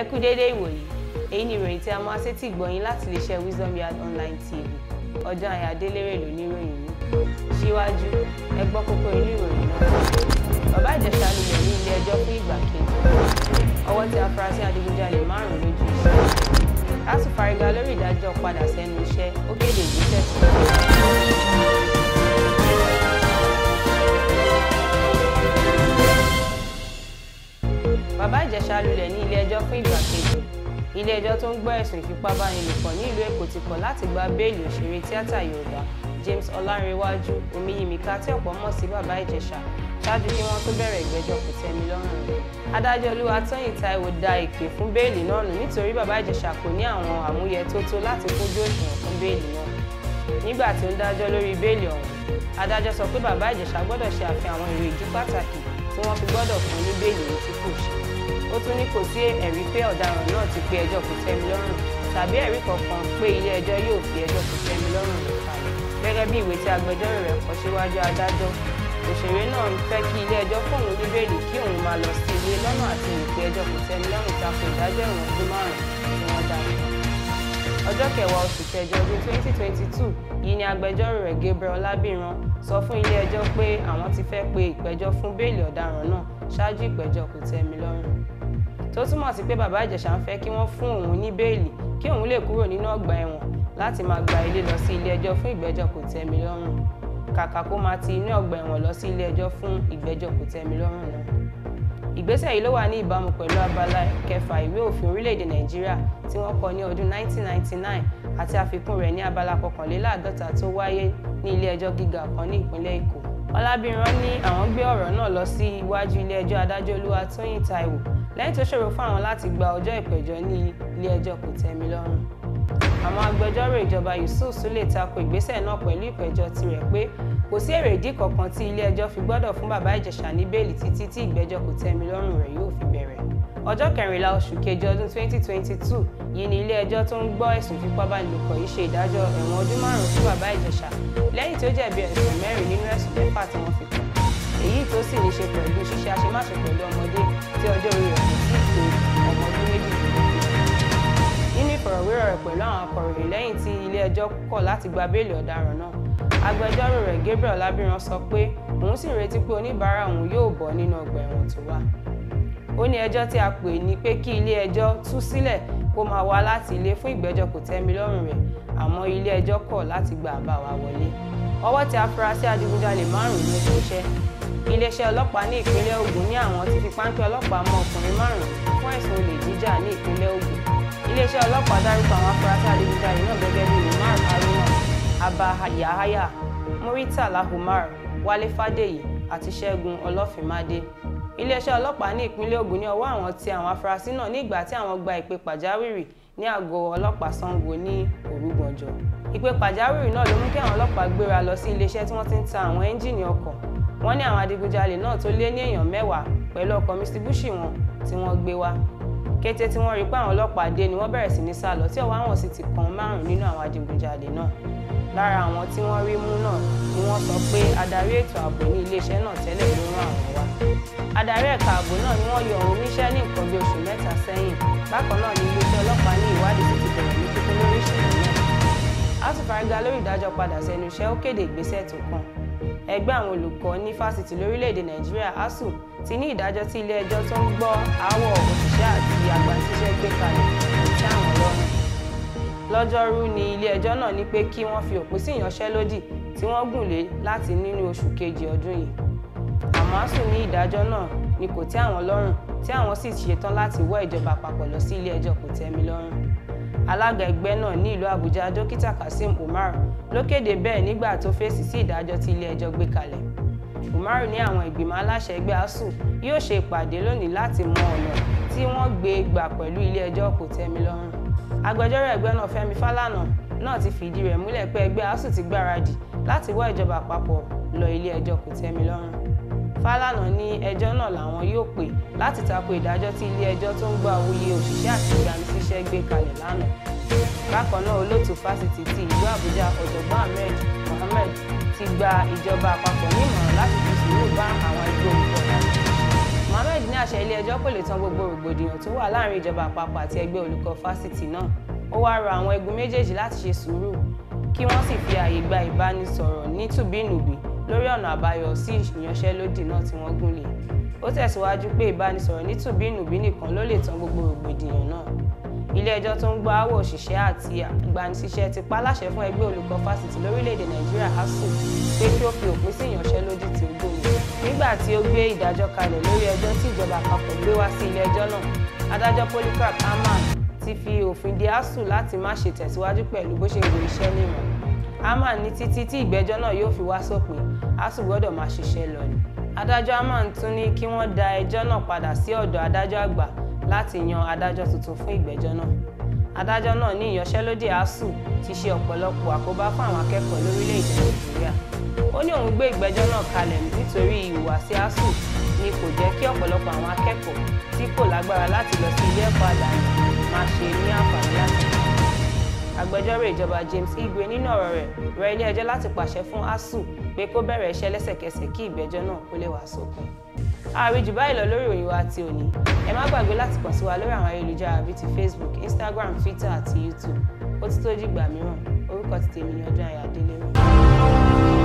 ẹ kú déédé ìwòyí èyí ni ìròyìn tí a máa ṣe ti gbọ̀yìn láti iléeṣẹ́ Wisdom Yard online tv ọjọ́ àyà délérè ló ní ìròyìn yìí síwájú ẹ gbọ́ kókó inú ìròyìn náà bàbá ìjẹ̀sà lulẹ̀ ní ilé ẹjọ́ fún ìgbà kejì ọwọ́ tí afurasí adigunjalè márùn-ún lójú iṣẹ́ láti fariga lórí ìdájọ́ padà sẹ́nu iṣẹ́ ó kéde ìgbésẹ̀ sí i. Bàbá Ìjẹ̀ṣà lulẹ̀ ní ilé ẹjọ́ fún ìgbà ilé-ẹjọ́ tó ń gbọ́ ẹ̀sùn ìfipábánilòpọ̀ ní ìlú èkó ti kọ̀ láti gba béèlì òṣèré tíátà yorùbá james ọlárẹ̀wájú omiyimika tí ọ̀pọ̀ mọ̀ sí bàbá ìjẹ̀ṣà ṣáájú kí wọ́n tó bẹ̀rẹ̀ ìgbẹ́jọ́ kò tẹ́mi lọ́rùn rẹ̀ adájọ́ olúwatóyìn táíwò da ìpè fún béèlì náà nù nítorí bàbá ìjẹ̀ṣà kò ní àwọn àmúyẹ tó tó láti kójú òṣùwọ̀n fún béèlì náà nígbà tí ó ń dájọ́ lórí ó tún ní kò sí ẹ̀rí pé ọ̀daràn náà ti pe ẹjọ́ kòtẹ́milọ́rùn tàbí ẹ̀rí kankan pé ilé ẹjọ́ yóò fi ẹjọ́ kòtẹ́milọ́rùn kalẹ̀ gẹ́gẹ́ bí ìwé tí agbẹjọ́rò rẹ̀ kọ síwájú adájọ́ òṣèré náà ń fẹ́ kí ilé ẹjọ́ fóun ní bẹ́ẹ̀lì kí òun máa lọ sí ilé lọ́nà àti ìpè ẹjọ́ kòtẹ́milọ́rùn tako ìdájọ́ ìwọ̀n ọdún márùn-ún ọjọ́ kẹwàá oṣù kẹjọ ọdún 2022 yìí ni agbẹjọ́rò rẹ̀ Gabriel Ọlábìran sọ fún ilé-ẹjọ́ pé àwọn ti fẹ́ pe ìpẹ̀jọ́ fún bẹ́ẹ̀lì ọ̀daràn náà ṣáájú ìpẹ̀jọ́ kòtẹ́milọ́rùn tó túmọ̀ sí pé bàbá Ìjẹ̀ṣà ń fẹ́ kí wọ́n fún òun ní bẹ́ẹ̀lì kí òun lè kúrò nínú ọgbà ẹ̀wọ̀n láti máa gba ilé lọ sí ilé-ẹjọ́ fún ìgbẹ́jọ́ kòtẹ́milọ́rùn kàkà kó máa ti inú ọgbà ẹ̀wọ̀n lọ sí ilé-ẹjọ́ fún ìgbẹ́jọ́ kòtẹ́milọ́rùn náà ìgbésẹ̀ yìí ló wà ní ìbámu pẹ̀lú abala kẹfà ìwé òfin orílẹ̀-èdè nàìjíríà tí wọ́n kọ ní ọdún 1999 àti àfikún rẹ̀ ní abala kọkànléláàádọ́ta tó wáyé ní ilé-ẹjọ́ gíga kan ní ìpínlẹ̀ èkó ọlábìrán ní àwọn gbé ọ̀rọ̀ náà lọ sí iwájú ilé-ẹjọ́ adájọ́ olúwatóyìn táíwò lẹ́yìn tó ṣòro fún àwọn láti gba ọjọ́ ìpẹ̀jọ́ ní ilé-ẹjọ́ kòtẹ́milọ́rùn àwọn agbẹjọ́rò ìjọba Yusuf Sule tako ìgbésẹ̀ náà pẹ̀lú ìpẹ̀jọ́ tirẹ̀ pé kò sí èrèdí kankan tí ilé-ẹjọ́ fi gbọ́dọ̀ fún bàbá Ìjẹ̀ṣà ní bẹ́ẹ̀lì títí tí ìgbẹ́jọ́ kòtẹ́milọ́rùn rẹ̀ yóò fi bẹ̀rẹ̀ ọjọ́ kẹrìnlá oṣù kejì ọdún 2022 yìí ni ilé-ẹjọ́ tó ń gbọ́ ẹ̀sùn fipábánilòpọ̀ yìí ṣe ìdájọ́ ẹ̀wọ̀n ọdún márùn-ún fún bàbá Ìjẹ̀ṣà lẹ́yìn tí ó jẹ̀bi ẹ̀sùn mẹ́rin nínú ẹ̀sùn mẹ́fà tí wọ́n fi kàn èyí tó sì ní ṣe pẹ̀lú ṣíṣe àṣemáṣe pẹ̀lú ọmọdé tí ọjọ́ orí rẹ̀ kò ìfọ̀rọ̀wérọ̀ rẹ̀ pẹ̀lú àwọn akọ̀ròyìn lẹ́yìn tí ilé-ẹjọ́ kọ̀ láti gba béèlì ọ̀daràn náà agbẹjọ́rò rẹ̀ Gabriel Ọlábìran sọ pé òun sì retí pé oníbàárà òun yóò bọ́ nínú ọgbà ẹ̀wọ̀n tó wà ó ní ẹjọ́ tí a pè ní pé kí ilé-ẹjọ́ tú sílẹ̀ kó máa wá láti ilé fún ìgbẹ́jọ́ kò tẹ́mi lọ́rùn rẹ̀ àmọ́ ilé-ẹjọ́ kọ̀ láti gba àbá wa wọlé ọwọ́ tí afurasí adigunjalè márùn-ún ló tó ṣẹ́ iléeṣẹ́ ọlọ́pàá ní ìpínlẹ̀ Ògùn ní àwọn ti fi páńpẹ́ ọlọ́pàá mọ ọkùnrin márùn-ún fún ẹ̀sùn olè jíjà ní ìpínlẹ̀ Ògùn iléeṣẹ́ ọlọ́pàá dárúkọ àwọn afurasí adigunjalè náà gẹ́gẹ́ bíi umar haruna abba yahaya muritala umar wálé fàdèyí àti ṣẹ́gun ọlọ́fìmádé iléeṣẹ́ ọlọ́pàá ní ìpínlẹ̀ Ògùn ní ọwọ́ àwọn tí àwọn afurasí náà ní ìgbà tí àwọn gba ìpè pàjáwìrì ní àgọ́ ọlọ́pàá Sango ní òrùgbọ̀njọ́ ìpè pàjáwìrì náà ló mú kí àwọn ọlọ́pàá gbéra lọ sí iléeṣẹ́ tí wọ́n ti ń ta àwọn ẹ́ńjìnì ọkọ̀ wọ́n ní àwọn adigunjalè náà tó lé ní èèyàn mẹ́wàá pẹ̀lú ọkọ̀ mitsubishi wọn tí wọ́n gbé wá kété tí wọ́n rí pé àwọn ọlọ́pàá dé ni wọ́n bẹ̀rẹ̀ sí ní sálọ tí ọwọ́ àwọn sì ti kan márùn-ún nínú àwọn adigunjalè náà lára àwọn tí wọ́n rí mú náà ni wọ́n sọ pé adarí ètò ààbò ní iléeṣẹ́ náà tẹ́lẹ̀ ló rán àwọn wá adarí ẹ̀ka ààbò náà ni wọ́n yọ òun níṣẹ́ ní nǹkan bí oṣù mẹ́ta sẹ́yìn bákan náà ni iléeṣẹ́ ọlọ́pàá ní ìwádìí ti bẹ̀rẹ̀ ní kíkún lórí náà a sì fariga lórí ìdájọ́ padà sẹ́nu iṣẹ́ ó kéde ìgbésẹ̀ tó kàn ẹgbẹ́ àwọn olùkọ́ ní fásitì lórílẹ̀‐èdè nàìjíríà asuu ti ní ìdájọ́ tí ilé-ẹjọ́ tó ń gbọ́ aáwọ̀ òṣìṣẹ́ àti agbaṣiṣẹ́ gbé kalẹ̀ sí àwọn lọ́rùn lọ́jọ́rú ni ilé-ẹjọ́ náà ní pé kí wọ́n fi òpin sí ìyanṣẹ́lódì tí wọ́n gùn lé láti nínú oṣù kejì ọdún yìí àmọ́ asuu ní ìdájọ́ náà ni kò tẹ́ àwọn lọ́rùn tí àwọn sì ṣetán láti wọ́ ìjọba àpapọ̀ lọ sí ilé-ẹjọ́ kò tẹ́mi lọ́rùn alága ẹgbẹ́ náà ní ìlú àbújá dókítà kasim umar ló kéde bẹ́ẹ̀ nígbà tó fèsì sí ìdájọ́ tí ilé-ẹjọ́ gbé kalẹ̀ umar ní àwọn ìgbìmọ̀ aláṣẹ ẹgbẹ́ asu yóò ṣe ìpàdé lónìí láti mọ ọ̀nà tí wọ́n gbé gbà pẹ̀lú ilé-ẹjọ́ kò tẹ́mi lọ́rùn agbẹjọ́rò ẹgbẹ́ náà fẹ́mi fálànà náà ti fìdí rẹ̀ múlẹ̀ pé ẹgbẹ́ asuu ti gbáradì láti wọ́ ìjọba àpapọ̀ lọ ilé-ẹjọ́ kò tẹ́mi lọ́rùn Fálànà ní ẹjọ́ náà làwọn yóò pè láti tako ìdájọ́ tí ilé-ẹjọ́ tó ń gba òye òṣìṣẹ́ àti ìgbanisíṣẹ́ gbé kalẹ̀ lánàá. Bákan náà olóòtú fásitì ti ìlú Àbújá ọ̀jọ̀gbọ́n Ahmed Mohammed ti gba ìjọba àpapọ̀ ní ìmọ̀ràn láti fi sùúrù bá àwọn ẹgbẹ́ olùkọ́ Mohammed ní àṣẹ ilé-ẹjọ́ kò lè tán gbogbo rògbòdìyàn tó wà láàrin ìjọba àpapọ̀ àti ẹgbẹ́ olùkọ́ fásitì náà ó wáá rọ àwọn igun méjèèjì láti ṣe sùúrù kí wọ́n sì fi ààyè gba ìbánisọ̀rọ̀ ní tùbínùbí lórí ọ̀nà àbáyọ sí ìyanṣẹ́lódì náà tí wọ́n gúnlẹ̀ ó tẹ̀síwájú pé ìbánisọ̀rọ̀ nítùbínùbí nìkan ló lè tán gbogbo rògbòdìyàn náà ilé-ẹjọ́ tó ń gbọ́ àwọ̀ òṣìṣẹ́ àti agbanisíṣẹ́ ti pa láṣẹ fún ẹgbẹ́ olùkọ́ fásitì lórílẹ̀‐èdè nàìjíríà asuu pé kí ó fi òpin sí ìyanṣẹ́lódì tí ó gbòòrò nígbà tí ó gbé ìdájọ́ kalẹ̀ lórí ẹjọ́ tí ìjọba àpapọ̀ gbé wá sí ilé-ẹjọ́ náà adájọ́ polycarp amman ti fi òfin de asuu láti má ṣe tẹ̀síwájú pẹ̀lú bó ṣe wò iṣẹ́ níwọ̀n Aman ní títí tí ìgbẹ́jọ́ náà yóò fi wá sópin a sì gbọ́dọ̀ máa ṣiṣẹ́ lọ ni. adájọ́ Hamman tún ní kí wọ́n da ẹjọ́ náà padà sí ọ̀dọ̀ adájọ́ àgbà láti yan adájọ́ tuntun fún ìgbẹ́jọ́ náà. adájọ́ náà ní ìyanṣẹ́lódì asuu ti ṣe ọ̀pọ̀lọpọ̀ àkóbá fún àwọn akẹ́kọ̀ọ́ lórílẹ̀-èdè Nàìjíríà ó ní òun gbé ìgbẹ́jọ́ náà kalẹ̀ nítorí ìhùwàsí asuu ni kò jẹ́ kí ọ̀pọ̀lọpọ̀ àwọn akẹ́kọ̀ọ́ tí kò lágbára láti lọ sí ilé ẹ̀kọ́ àdáni máa ṣe ní àǹfààní láti agbẹjọ́rò ìjọba James Igwe nínú ọ̀rọ̀ rẹ̀ rọ ilé-ẹjọ́ láti pàṣẹ fún ASUU pé kó bẹ̀rẹ̀ iṣẹ́ lẹ́sẹ̀kẹsẹ̀ kí ìgbẹ́jọ́ náà kó lè wá sópin. ààrí jù báyìí lọ lórí òyìnbó àti òní ẹ má gbàgbé láti kàn sí wa lórí àwọn ayélujára bíi ti Facebook Instagram Twitter àti YouTube ó ti tó dìgbà mìíràn orúkọ ti tèmi ni Ọdúnayọ̀ Adélẹ́rù.